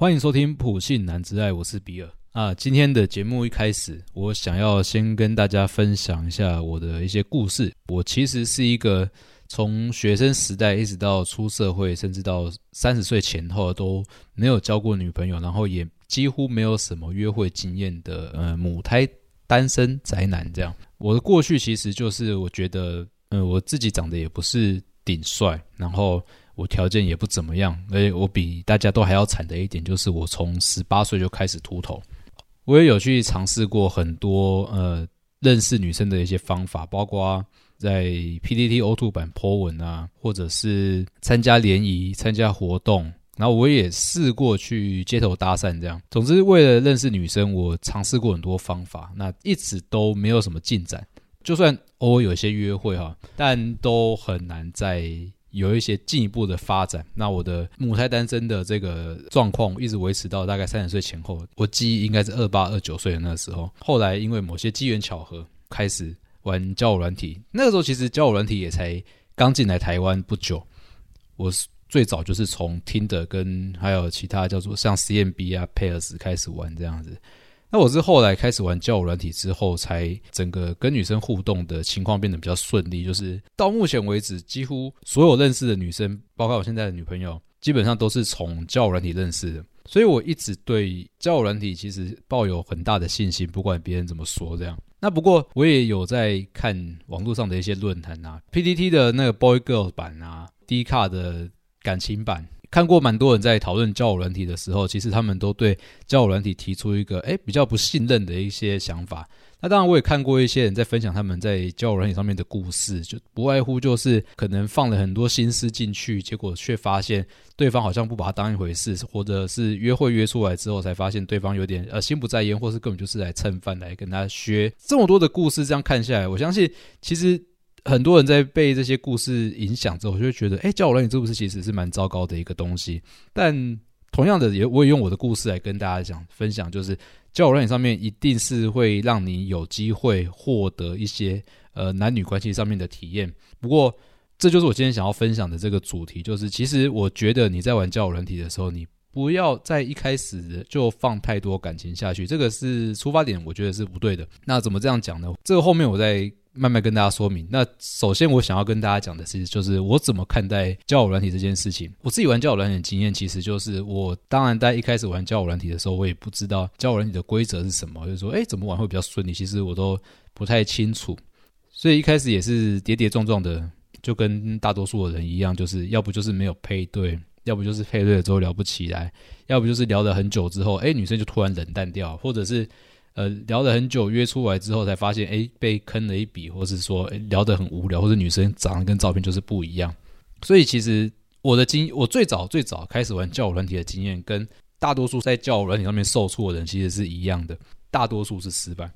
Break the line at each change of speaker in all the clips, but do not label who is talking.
歡迎收聽《普信男之愛》，我是比爾啊。今天的節目一開始，我想要先跟大家分享一下我的一些故事。我其實是一個從學生時代一直到出社會，甚至到三十歲前後都沒有交過女朋友，然後也幾乎沒有什麼約會經驗的呃母胎單身宅男這樣。我的過去其實就是我覺得呃我自己長得也不是頂帥，然後。我條件也不怎麼樣，而且我比大家都還要慘的一點就是，我從十八歲就開始禿頭。我也有去嘗試過很多呃認識女生的一些方法，包括在 PTT O 2版 po 文啊，或者是參加聯誼、參加活動，然後我也試過去街頭搭訕這樣。總之，為了認識女生，我嘗試過很多方法，那一直都沒有什麼進展。就算偶爾有些約會哈，但都很難在。有一些進一步的發展，那我的母胎單身的這個狀況一直維持到大概三十歲前後，我記憶應該是二八二九歲的那個時候。後來因為某些機緣巧合，開始玩交友軟體。那個時候其實交友軟體也才剛進來台灣不久，我最早就是從 Tinder 跟還有其他叫做像 CMB 啊 Pairs 開始玩這樣子。那我是後來開始玩交友軟體之後，才整個跟女生互動的情況變得比較順利。就是到目前為止，幾乎所有認識的女生，包括我現在的女朋友，基本上都是從交友軟體認識的。所以我一直對交友軟體其實抱有很大的信心，不管別人怎麼說這樣。那不過我也有在看網絡上的一些論壇啊，PTT 的那個 Boy Girl 版啊，Dcard 的感情版。看過蠻多人在討論交友軟體的時候，其實他們都對交友軟體提出一個誒、欸、比較不信任的一些想法。那當然，我也看過一些人在分享他們在交友軟體上面的故事，就不外乎就是可能放了很多心思進去，結果卻發現對方好像不把它當一回事，或者是約會約出來之後才發現對方有點呃心不在焉，或是根本就是來蹭飯來跟他削。這麼多的故事這樣看下來，我相信其實。很多人在被這些故事影響之後，就會覺得，哎，交友軟體是不是其實是蠻糟糕的一個東西。但同樣的，也我也用我的故事來跟大家講分享，就是交友軟體上面一定是會讓你有機會獲得一些呃男女關係上面的體驗。不過，這就是我今天想要分享的這個主題，就是其實我覺得你在玩交友軟體的時候，你不要在一開始就放太多感情下去，這個是出發點，我覺得是不對的。那怎麼這樣講呢？這個後面我在。慢慢跟大家說明。那首先，我想要跟大家講的是，就是我怎麼看待交友軟體這件事情。我自己玩交友軟體的經驗，其實就是我當然，在一開始玩交友軟體的時候，我也不知道交友軟體的規則是什麼，就是說，誒，怎麼玩會比較順利？其實我都不太清楚，所以一開始也是跌跌撞撞的，就跟大多數的人一樣，就是要不就是沒有配對，要不就是配對了之後聊不起來，要不就是聊了很久之後，誒，女生就突然冷淡掉，或者是。呃，聊了很久，約出來之後才發現，哎，欸，被坑了一筆，或是說，欸，聊得很無聊，或者女生長得跟照片就是不一樣。所以其實我的經，我最早最早開始玩交友軟體的經驗，跟大多數在交友軟體上面受挫的人其實是一樣的，大多數是失敗。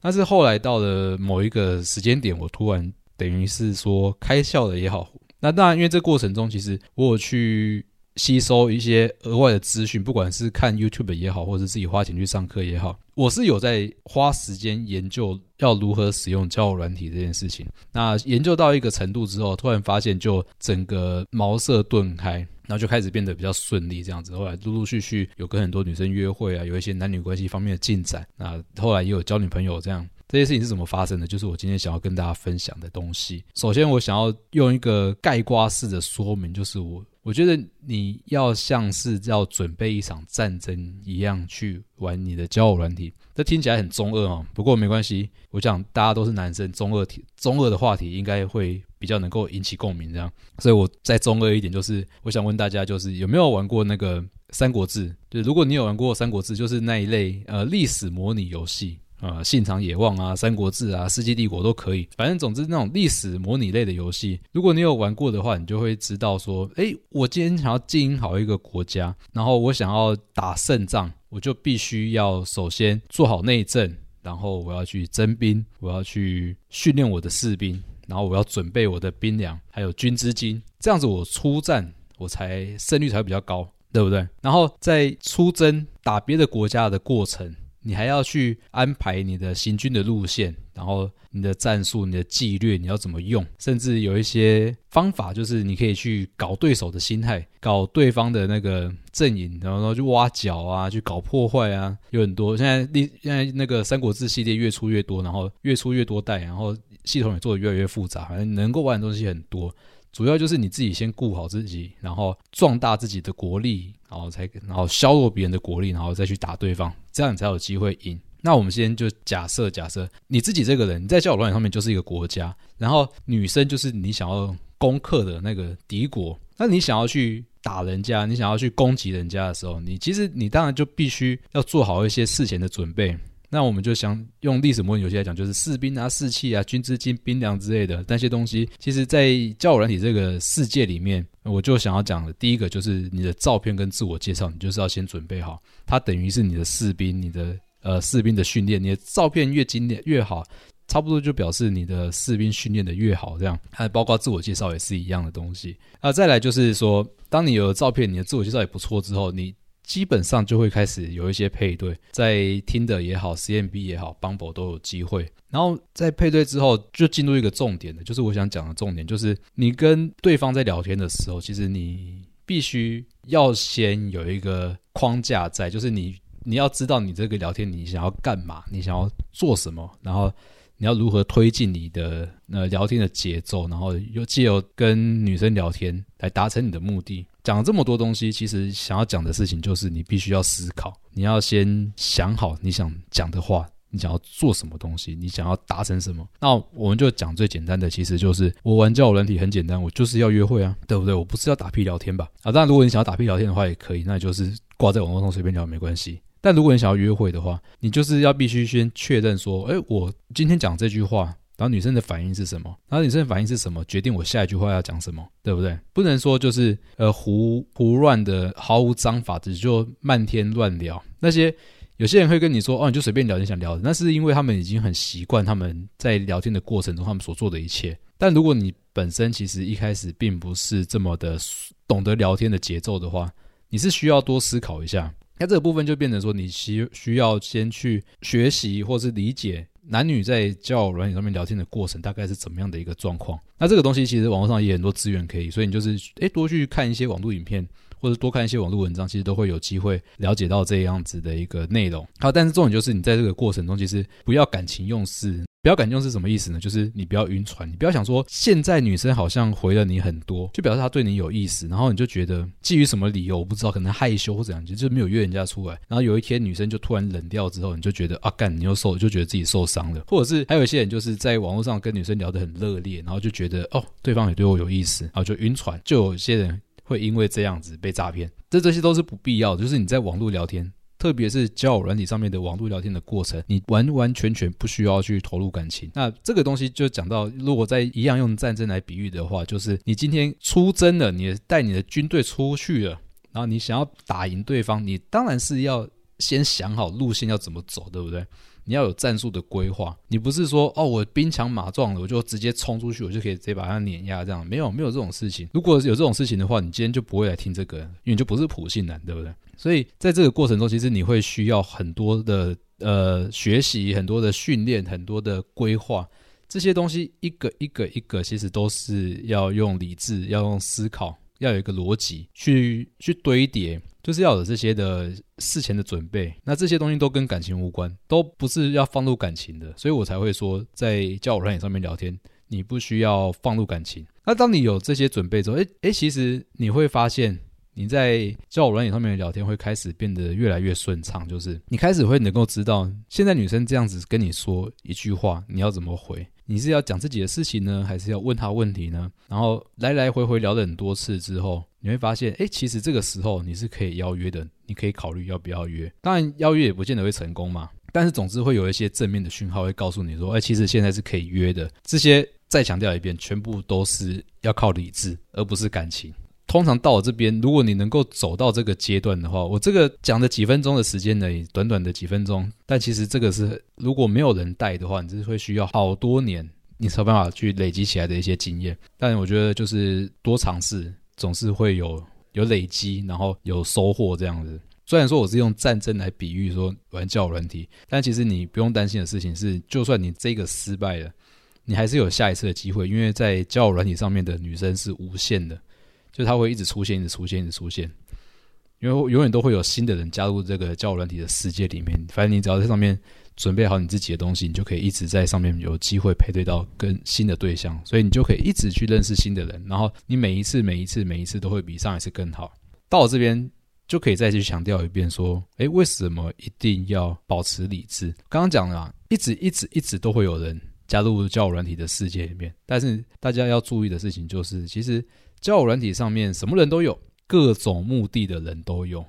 但是後來到了某一個時間點，我突然等於是說開竅了也好。那當然，因為這過程中其實我有去。吸收一些額外的資訊，不管是看 YouTube 也好，或者是自己花錢去上課也好，我是有在花時間研究要如何使用交友軟體這件事情。那研究到一個程度之後，突然發現就整個茅塞頓開，然後就開始變得比較順利，這樣子。後來陸陸續續有跟很多女生約會啊，有一些男女關係方面的進展。那後來也有交女朋友，這樣這些事情是怎麼發生的？就是我今天想要跟大家分享的東西。首先，我想要用一個概括式的說明，就是我。我覺得你要像是要準備一場戰爭一樣去玩你的交友軟體，這聽起來很中二哦。不過沒關係，我想大家都是男生，中二題、中二的話題應該會比較能夠引起共鳴，這樣。所以，我再中二一點，就是我想問大家，就是有沒有玩過那個《三國志》？就如果你有玩過《三國志》，就是那一類呃歷史模擬遊戲。呃、嗯，信長野望啊，三國志啊，世紀帝國都可以。反正總之那種歷史模擬類的遊戲，如果你有玩過的話，你就會知道說，誒、欸，我今天想要經營好一個國家，然後我想要打勝仗，我就必須要首先做好內政，然後我要去徵兵，我要去訓練我的士兵，然後我要準備我的兵糧，還有軍資金，這樣子我出戰，我才勝率才會比較高，對不對？然後在出征打別的國家的過程，你還要去安排你的行軍的路線，然後你的戰術、你的紀律，你要怎麼用？甚至有一些方法，就是你可以去搞對手的心態，搞對方的那個陣營，然後去挖角啊，去搞破壞啊，有很多。現在立現在那個《三國志》系列越出越多，然後越出越多代，然後系統也做得越來越複雜，反正能夠玩的東西很多。主要就是你自己先顧好自己，然後壯大自己的國力，然後才然後削弱別人的國力，然後再去打對方，這樣你才有機會贏。那我們先就假設假設你自己這個人，你在交友軟體上面就是一個國家，然後女生就是你想要攻克的那個敵國，那你想要去打人家，你想要去攻擊人家的時候，你其實你當然就必須要做好一些事前的準備。那我們就想用歷史模擬遊戲來講，就是士兵啊、士氣啊、軍資金、兵糧之類的那些東西。其實，在交友軟體這個世界裡面，我就想要講的第一個就是你的照片跟自我介紹，你就是要先準備好。它等於是你的士兵，你的呃士兵的訓練，你的照片越經典越好，差不多就表示你的士兵訓練得越好。這樣，還包括自我介紹也是一樣的東西。那再來就是說，當你有了照片，你的自我介紹也不錯之後，你。基本上就會開始有一些配對，在 Tinder 也好，CMB 也好，Bumble 都有機會。然後在配對之後，就進入一個重點的，就是我想講的重點，就是你跟對方在聊天的時候，其實你必須要先有一個框架在，就是你你要知道你這個聊天你想要幹嘛，你想要做什麼，然後。你要如何推進你的呃聊天的節奏？然後又借由跟女生聊天來達成你的目的？講了這麼多東西，其實想要講的事情就是，你必須要思考，你要先想好你想講的話，你想要做什麼東西，你想要達成什麼？那我們就講最簡單的，其實就是我玩交友軟體很簡單，我就是要約會啊，對不對？我不是要打屁聊天吧？啊，當然，如果你想要打屁聊天的話也可以，那就是掛在網絡上隨便聊沒關係。但如果你想要約會的話，你就是要必須先確認說，哎，我今天講這句話，然後女生的反應是什麼？然後女生的反應是什麼？決定我下一句話要講什麼，對不對？不能說就是呃胡胡亂的毫無章法，只是就漫天亂聊。那些有些人會跟你說，哦，你就隨便聊天，你想聊。那是因為他們已經很習慣他們在聊天的過程中，他們所做的一切。但如果你本身其實一開始並不是這麼的懂得聊天的節奏的話，你是需要多思考一下。那這個部分就變成說，你需需要先去學習或是理解男女在交友軟體上面聊天的過程，大概是怎麼樣的一個狀況。那這個東西其實網絡上也有很多資源可以，所以你就是誒、欸、多去看一些網絡影片，或者多看一些網絡文章，其實都會有機會了解到這樣子的一個內容。好，但是重點就是你在這個過程中，其實不要感情用事。不要感動是什麼意思呢？就是你不要暈船，你不要想說，現在女生好像回了你很多，就表示她對你有意思，然後你就覺得基於什麼理由我不知道，可能害羞或怎樣，就就沒有約人家出來。然後有一天女生就突然冷掉之後，你就覺得啊幹，你又受，就覺得自己受傷了。或者是還有一些人就是在網絡上跟女生聊得很熱烈，然後就覺得哦對方也對我有意思，然後就暈船。就有些人會因為這樣子被詐騙，這這些都是不必要的。就是你在網絡聊天。特別是交友軟體上面的網絡聊天的過程，你完完全全不需要去投入感情。那這個東西就講到，如果在一樣用戰爭來比喻的話，就是你今天出征了，你帶你的軍隊出去了，然後你想要打贏對方，你當然是要先想好路線要怎麼走，對不對？你要有戰術的規劃。你不是說哦，我兵強馬壯了，我就直接衝出去，我就可以直接把它碾壓，這樣沒有沒有這種事情。如果有這種事情的話，你今天就不會來聽這個，因為你就不是普信男，對不對？所以在這個過程中，其實你會需要很多的呃學習，很多的訓練，很多的規劃，這些東西一個一個一個，其實都是要用理智，要用思考，要有一個邏輯去去堆疊，就是要有這些的事前的準備。那這些東西都跟感情無關，都不是要放入感情的，所以我才會說在交友軟件上面聊天，你不需要放入感情。那當你有這些準備之後，哎哎，其實你會發現。你在交友軟體上面的聊天會開始變得越來越順暢，就是你開始會能夠知道，現在女生這樣子跟你說一句話，你要怎麼回？你是要講自己的事情呢，還是要問她問題呢？然後來來回回聊了很多次之後，你會發現，哎，其實這個時候你是可以邀約的，你可以考慮要不要約。當然，邀約也不見得會成功嘛，但是總之會有一些正面的訊號會告訴你說，哎，其實現在是可以約的。這些再強調一遍，全部都是要靠理智，而不是感情。通常到我這邊，如果你能夠走到這個階段的話，我這個講的幾分鐘的時間呢，短短的幾分鐘，但其實這個是如果沒有人帶的話，你是會需要好多年，你才有辦法去累積起來的一些經驗。但我覺得就是多嘗試，總是會有有累積，然後有收穫這樣子。雖然說我是用戰爭來比喻說玩交友軟體，但其實你不用擔心的事情是，就算你這個失敗了，你還是有下一次的機會，因為在交友軟體上面的女生是無限的。就它會一直出現，一直出現，一直出現，因為永遠都會有新的人加入這個交友軟體的世界裡面。反正你只要在上面準備好你自己的東西，你就可以一直在上面有機會配對到跟新的對象，所以你就可以一直去認識新的人。然後你每一次、每一次、每一次都會比上一次更好。到我這邊就可以再去強調一遍說，誒，為什麼一定要保持理智？剛剛講了，一直、一直、一直都會有人加入交友軟體的世界裡面，但是大家要注意的事情就是，其實。交友軟體上面什麼人都有，各種目的的人都有。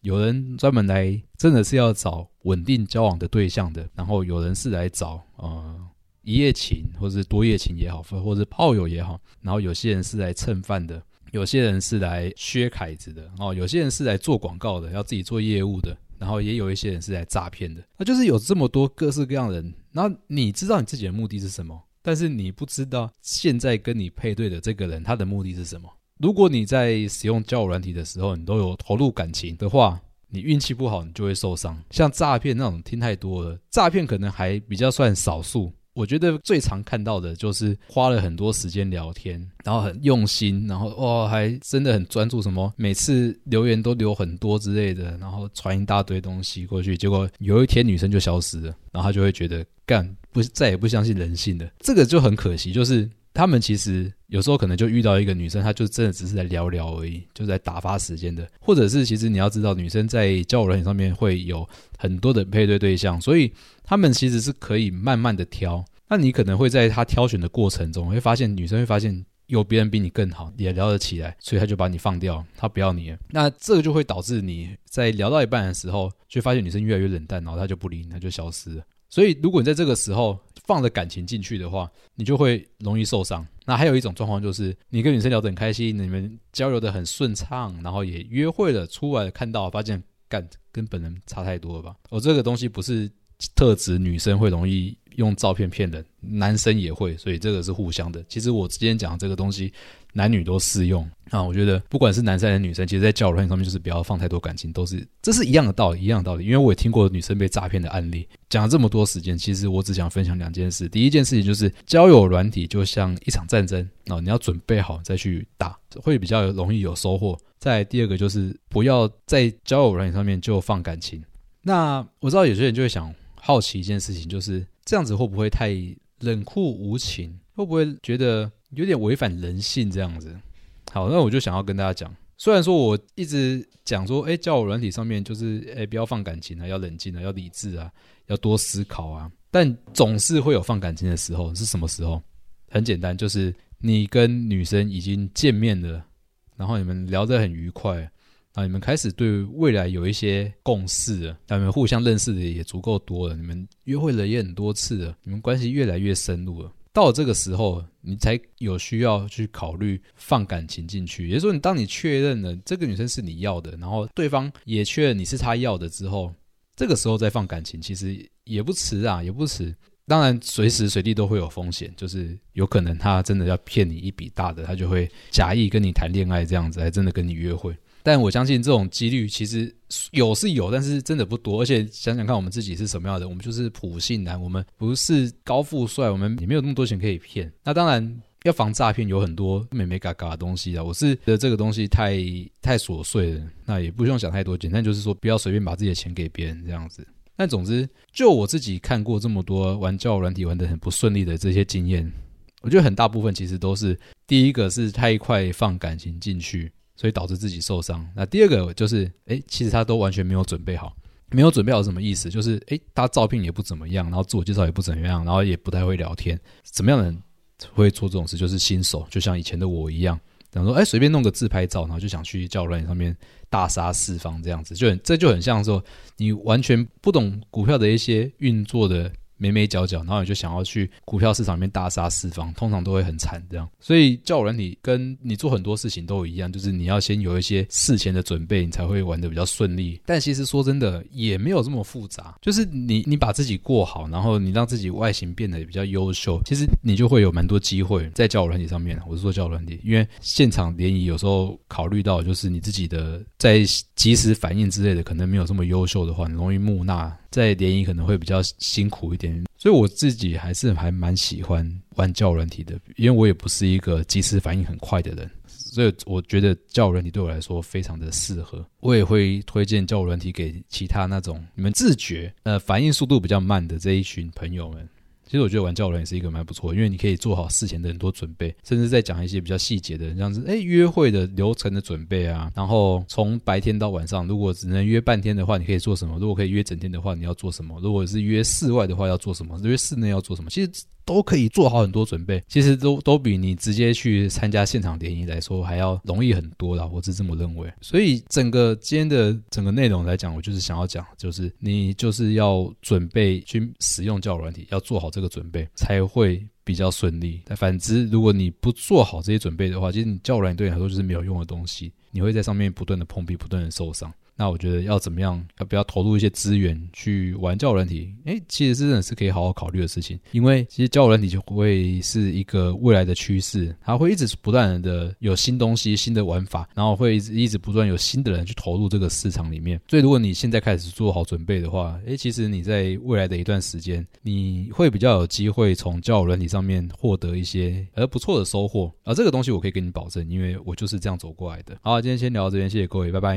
有人專門來真的是要找穩定交往的對象的，然後有人是來找呃一夜情或者是多夜情也好，或者炮友也好。然後有些人是來蹭飯的，有些人是來削凱子的，哦，有些人是來做廣告的，要自己做業務的。然後也有一些人是來詐騙的。那就是有這麼多各式各樣的人，那你知道你自己的目的是什麼？但是你不知道現在跟你配對的這個人，他的目的是什麼？如果你在使用交友軟體的時候，你都有投入感情的話，你運氣不好你就會受傷。像詐騙那種聽太多了，詐騙可能還比較算少數。我覺得最常看到的就是花了很多時間聊天，然後很用心，然後哦，還真的很專注什麼，每次留言都留很多之類的，然後傳一大堆東西過去，結果有一天女生就消失了，然後他就會覺得幹。再也不相信人性的，這個就很可惜。就是他們其實有時候可能就遇到一個女生，她就真的只是在聊聊而已，就是在打發時間的。或者是其實你要知道，女生在交友軟件上面會有很多的配對對象，所以他們其實是可以慢慢的挑。那你可能會在她挑選的過程中，會發現女生會發現有別人比你更好，也聊得起來，所以他就把你放掉，他不要你了。那這個就會導致你在聊到一半的時候，卻發現女生越來越冷淡，然後他就不理你，他就消失了。所以，如果你在這個時候放着感情進去的話，你就會容易受傷。那還有一種狀況就是，你跟女生聊得很開心，你們交流得很順暢，然後也約會了，出來看到發現，幹，跟本人差太多了吧？我、哦、這個東西不是特指女生會容易用照片騙人，男生也會，所以這個是互相的。其實我之前講的這個東西。男女都適用啊！我覺得不管是男生還是女生，其實，在交友軟件上面就是不要放太多感情，都是這是一樣的道理，一樣的道理。因為我也聽過女生被詐騙的案例。講了這麼多時間，其實我只想分享兩件事。第一件事情就是，交友軟體就像一場戰爭啊，你要準備好再去打，會比較容易有收穫。再第二個就是，不要在交友軟件上面就放感情。那我知道有些人就會想好奇一件事情，就是這樣子會不會太冷酷無情？會不會覺得？有點違反人性這樣子，好，那我就想要跟大家講，雖然說我一直講說，誒、欸，交友軟體上面就是，誒、欸，不要放感情啊，要冷靜啊，要理智啊，要多思考啊，但總是會有放感情的時候。是什麼時候？很簡單，就是你跟女生已經見面了，然後你們聊得很愉快，然後你們開始對未來有一些共識了，然後你們互相認識的也足夠多了，你們約會了也很多次了，你們關係越來越深入了。到這個時候，你才有需要去考慮放感情進去。也就是說，你當你確認了這個女生是你要的，然後對方也確認你是他要的之後，這個時候再放感情，其實也不遲啊，也不遲。當然，隨時隨地都會有風險，就是有可能他真的要騙你一筆大的，他就會假意跟你談戀愛這樣子，還真的跟你約會。但我相信這種幾率其實有是有，但是真的不多。而且想想看，我們自己是什麼樣的？我們就是普信男，我們不是高富帥，我們也沒有那麼多錢可以騙。那當然要防詐騙，有很多美美嘎嘎的東西啊。我是覺得這個東西太太瑣碎了，那也不用想太多簡單就是說，不要隨便把自己的錢給別人這樣子。但總之，就我自己看過這麼多玩交友軟體玩的很不順利的這些經驗，我覺得很大部分其實都是第一個是太快放感情進去。所以導致自己受傷。那第二個就是，哎、欸，其實他都完全沒有準備好。沒有準備好是什麼意思？就是，哎、欸，他照片也不怎麼樣，然後自我介紹也不怎麼樣，然後也不太會聊天。什麼樣的人會做這種事？就是新手，就像以前的我一樣，然後說，哎、欸，隨便弄個自拍照，然後就想去交友軟體上面大殺四方這樣子，就很，這就很像說，你完全不懂股票的一些運作的眉眉角角，然後你就想要去股票市場裡面大殺四方，通常都會很慘這樣。所以交友軟體跟你做很多事情都一樣，就是你要先有一些事前的準備，你才會玩得比較順利。但其實說真的，也沒有這麼複雜，就是你你把自己過好，然後你讓自己外形變得比較優秀，其實你就會有蠻多機會在交友軟體上面。我是說交友軟體，因為現場聯誼有時候考慮到就是你自己的在即時反應之類的，可能沒有這麼優秀的話，你容易木訥，在聯誼可能會比較辛苦一點，所以我自己還是還蠻喜歡玩交友軟體的，因為我也不是一個即時反應很快的人，所以我覺得交友軟體對我來說非常的適合，我也會推薦交友軟體給其他那種你們自覺呃反應速度比較慢的這一群朋友們。其實我覺得玩教人也是一個蠻不錯，因為你可以做好事前的很多準備，甚至在講一些比較細節的，這樣子。哎，約會的流程的準備啊，然後從白天到晚上，如果只能約半天的話，你可以做什麼？如果可以約整天的話，你要做什麼？如果是約室外的話，要做什麼？約室內要做什麼？其實。都可以做好很多準備，其實都都比你直接去參加現場聯誼來說還要容易很多啦。我是這麼認為。所以整個今天的整個內容來講，我就是想要講，就是你就是要準備去使用交友軟體，要做好這個準備才會比較順利。但反之，如果你不做好這些準備的話，其實交友軟體對你來說就是沒有用的東西，你會在上面不斷的碰壁，不斷的受傷。那我覺得要怎麼樣，要不要投入一些資源去玩交友軟體？哎，其實是真的是可以好好考慮的事情，因為其實交友軟體就會是一個未來的趨勢，它會一直不斷的有新東西、新的玩法，然後會一直一直不斷有新的人去投入這個市場裡面。所以如果你現在開始做好準備的話，哎，其實你在未來的一段時間，你會比較有機會從交友軟體上面獲得一些呃不錯的收穫啊，這個東西我可以跟你保證，因為我就是這樣走過來的。好，今天先聊到這邊，謝謝各位，拜拜。